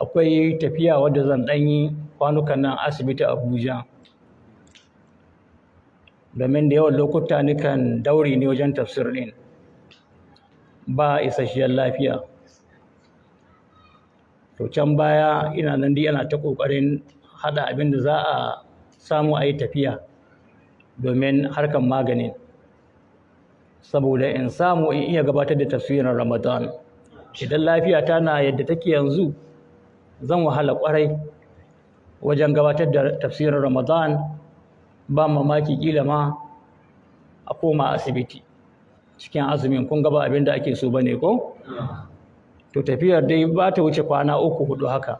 akwai tafiya wadda zan ɗanyi kwanukan nan asibiti abuja domin da yawan lokuta nikan daure ne wajen tafsir ɗin ba isasshiyar lafiya to can baya ina nan dai ana ta ƙoƙarin haɗa abin da za a samu a yi tafiya domin harkar maganin saboda in samu in iya gabatar da tafsirin ramadan idan lafiya tana yadda take yanzu zan wahala kwarai wajen gabatar da tafsirin ramadan ba mamaki kila ma a koma asibiti cikin azumin kun gaba abin da ake so ba ne ko to tafiyar dai ba ta wuce kwana uku hudu haka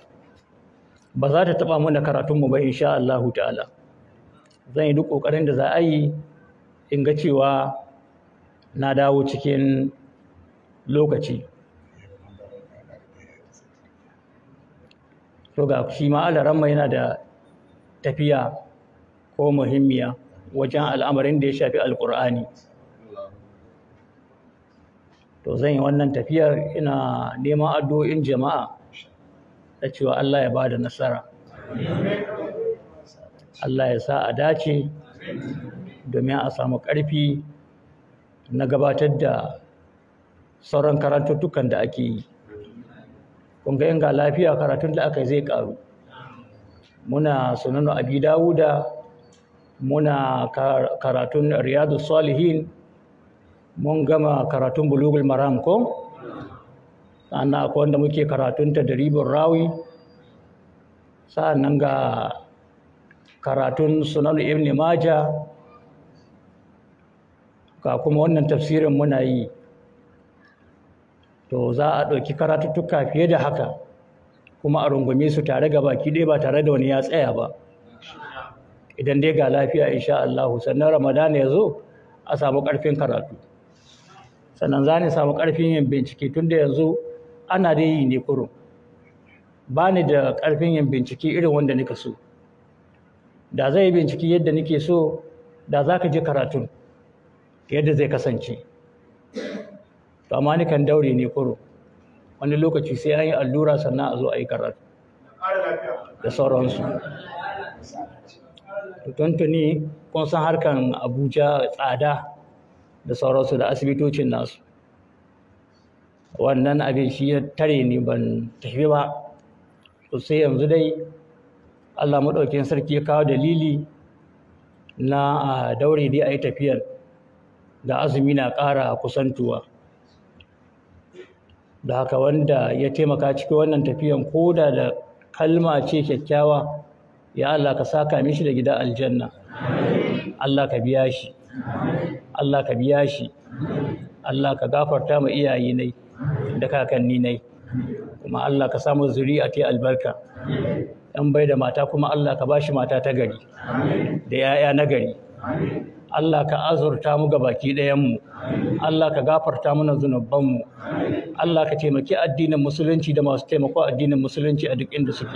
ba za ta taba mana karatunmu ba insha Allah ta'ala zan yi duk kokarin da za a yi in ga cewa na dawo cikin lokaci to ga shi ma alaramma yana da tafiya ko muhimmiya wajen al'amarin da ya shafi alƙur'ani to zan yi wannan tafiyar ina neman addu'o'in jama'a da cewa Allah ya ba da nasara Allah ya sa a dace domin a samu ƙarfi na gabatar da sauran karantuttukan da ake yi Kunga ga ga lafiya karatun da aka zai karu muna sunanu abi dawuda muna karatun riyadu salihin mun gama karatun bulugul maram ko sannan akwai wanda muke karatun ta daribun rawi sa'annan ga karatun sunanu ibn maja ga kuma wannan tafsirin muna yi to za a ɗauki karatuttuka fiye da haka kuma a rungume su tare ga baki ɗaya ba tare da wani ya tsaya ba idan dai ga lafiya insha Allah sannan Ramadan ya zo a samu ƙarfin karatu sannan za ni samu ƙarfin yin bincike tun da yanzu ana da yi ne kurum. ba ni da ƙarfin yin bincike irin wanda nika so da zai yi bincike yadda nike so da za ka ji karatun yadda zai kasance to amma ni kan daure ne kuro wani lokaci sai an yi allura sannan a zo a yi karatu da sauransu tuntuni kun san harkan abuja tsada da sauransu da asibitocin nasu wannan abin shi ya tare ni ban tafi ba sai yanzu dai allah maɗaukin sarki ya kawo dalili na daure dai a yi tafiyar da azumi na ƙara kusantuwa da haka wanda ya taimaka cikin wannan tafiyan ko da da kalma ce kyakkyawa ya Allah ka saka mishi da gida aljanna Allah ka biya shi Allah ka biya shi Allah ka gafarta ma iyaye nai da kakanni nai kuma Allah ka samu zuri'a ta albarka dan bai da mata kuma Allah ka bashi mata ta gari da yaya na gari Allah ka azurta mu baki ɗayanmu Allah ka gafarta mana mu. Allah ka taimaki addinin musulunci da masu taimako addinin musulunci a duk inda suke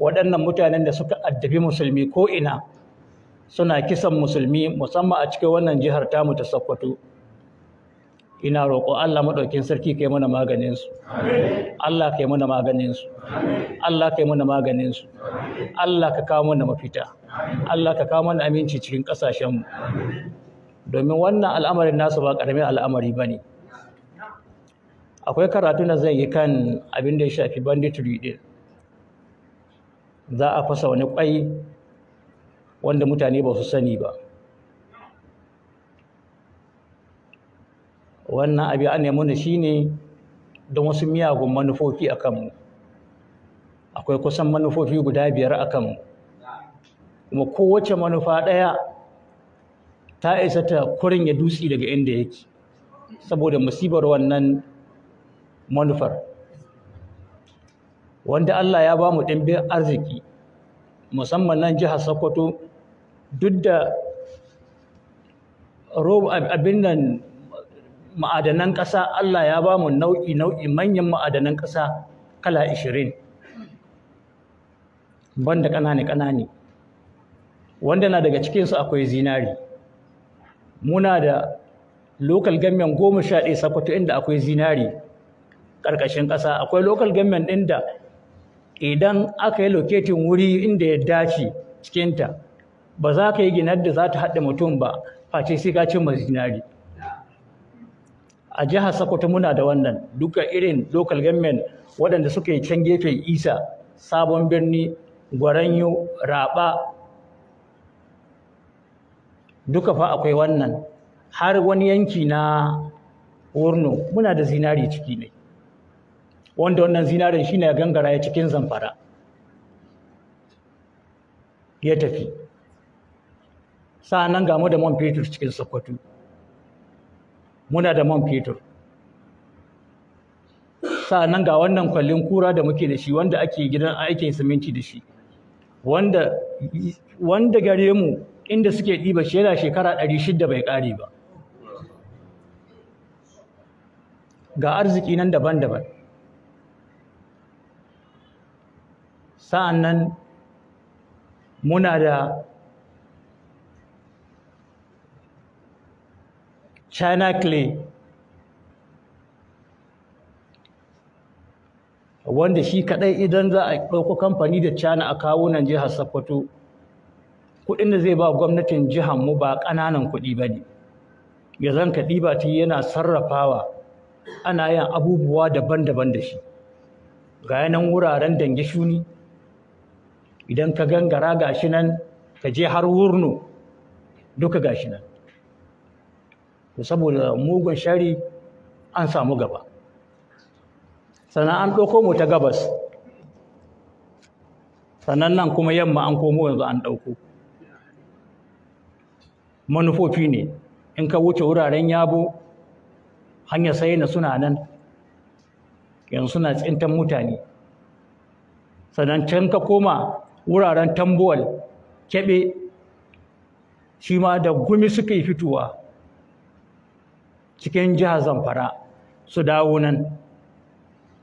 waɗannan mutanen da suka addabi musulmi ko ina suna kisan musulmi musamman a cikin wannan jihar tamu ta Sokoto ina roƙo Allah maɗaukin sarki kai mana muna maganinsu. Allah kai mana muna maganinsu. Allah kai mana muna maganinsu. Allah ka kawo mana mafita Allah ka kawo mana aminci cikin ƙasashenmu. domin wannan al'amarin nasu ba ƙaramin al'amari ba ne. akwai karatu na zai yi kan abin da ya shafi banditry din za a fasa wani kwai wanda mutane ba su sani ba wannan abin an nemi ne shine don wasu miyagun manufofi a kanmu akwai kusan manufofi guda biyar a kanmu kuma kowace manufa ɗaya ta isa ta kurin ya dutse daga inda yake saboda musibar wannan manufar wanda Allah ya ba mu ɗimbin arziki musamman nan jihar Sokoto duk da abin nan ma'adanan ƙasa Allah ya ba mu nau'i nau'i manyan ma'adanan ƙasa kala 20 banda ƙanane ƙanane wanda na daga cikin su akwai zinari muna da local government goma sha ɗaya sakwato inda akwai zinari ƙarƙashin ƙasa akwai local government ɗin da idan aka yi loketin wuri inda ya dace cikinta ba za ka yi ginar da za ta haɗa mutum ba face sai ka cin zinari a jihar Sokoto muna da wannan duka irin local government waɗanda suke can gefen Isa sabon birni Gwaranyo Raba duka fa akwai wannan har wani yanki na Wurno muna da zinari ciki ne wanda wannan zinarin shi ne gangara ya cikin zamfara ya tafi sa'annan ga mu da man fetur cikin Sokoto muna da man fetur sa'annan ga wannan kwallin kura da muke da shi wanda ake gidan aikin siminti da shi wanda wanda gare mu inda suke ɗiba shi yana shekara 600 bai ƙare ba ga arziki nan daban-daban sa'annan muna da china clay wanda shi kadai idan za a ɗauko kamfani da china a kawo nan jihar Sokoto kuɗin da zai ba gwamnatin jihar mu ba ƙananan kuɗi ba ne ya zan ka ɗiba ta yana sarrafawa ana yin abubuwa daban-daban da shi ga yanan wuraren dange shuni idan ka gangara shi nan ka je har wurno duka ga shi nan saboda mugun shari an samu gaba sannan an ɗauko mu ta gabas sannan nan kuma yamma an komo yanzu an ɗauko manufofi ne in ka wuce wuraren yabo hanyar sai na suna nan yanzu suna tsintan mutane sannan can ka koma wuraren tambuwal keɓe shi ma da gumi suka yi fitowa cikin jihar zamfara su dawo nan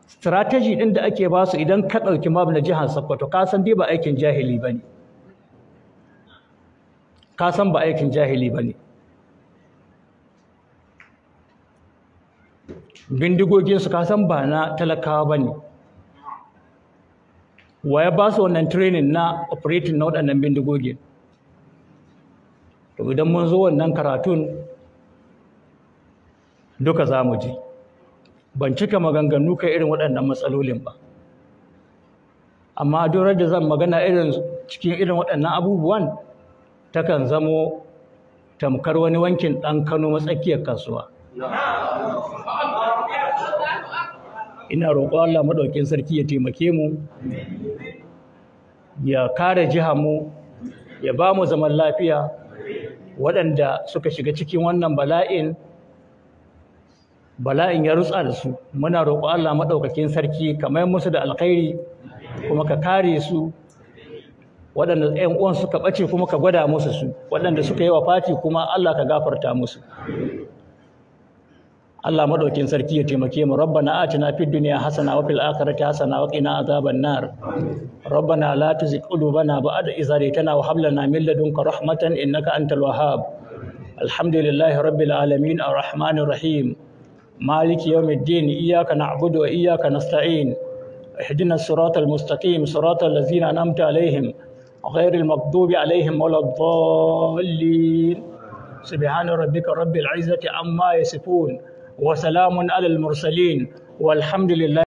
strategy ɗin da ake ba su idan ka ɗauki mab na jihar sokoto ka san dai ba aikin jahili ba ne ka san ba aikin jahili ba ne bindigoginsu ka san ba na talakawa ba ne wa ba su wannan training na operating na waɗannan bindigogin to idan mun zo wannan karatun duka za mu ji ban cika maganganu kai irin waɗannan matsalolin ba amma durar da zan magana irin cikin irin waɗannan abubuwan takan zamo tamkar wani wankin ɗan kano matsakiyar kasuwa ina roƙo Allah maɗaukin sarki ya taimake mu ya kare jiha mu ya ba mu zaman lafiya waɗanda suka shiga cikin wannan bala'in bala'in ya rutsa da su muna roƙo Allah maɗaukakin sarki kamar musu da alkhairi kuma ka kare su waɗanda ‘yan uwan suka ɓace kuma ka gwada musu su waɗanda suka yi wa fati kuma Allah ka gafarta musu Allah maɗaukin sarki ya taimake mu rabbana atina fid dunya hasana wa fil akhirati hasana wa qina azaban nar rabbana la tuzigh qulubana ba'da idh hadaytana wa hab lana min ladunka rahmatan innaka antal wahhab alhamdulillahi rabbil alamin arrahmanir rahim مالك يوم الدين إياك نعبد وإياك نستعين اهدنا الصراط المستقيم صراط الذين أنعمت عليهم غير المغضوب عليهم ولا الضالين سبحان ربك رب العزة عما يصفون وسلام على المرسلين والحمد لله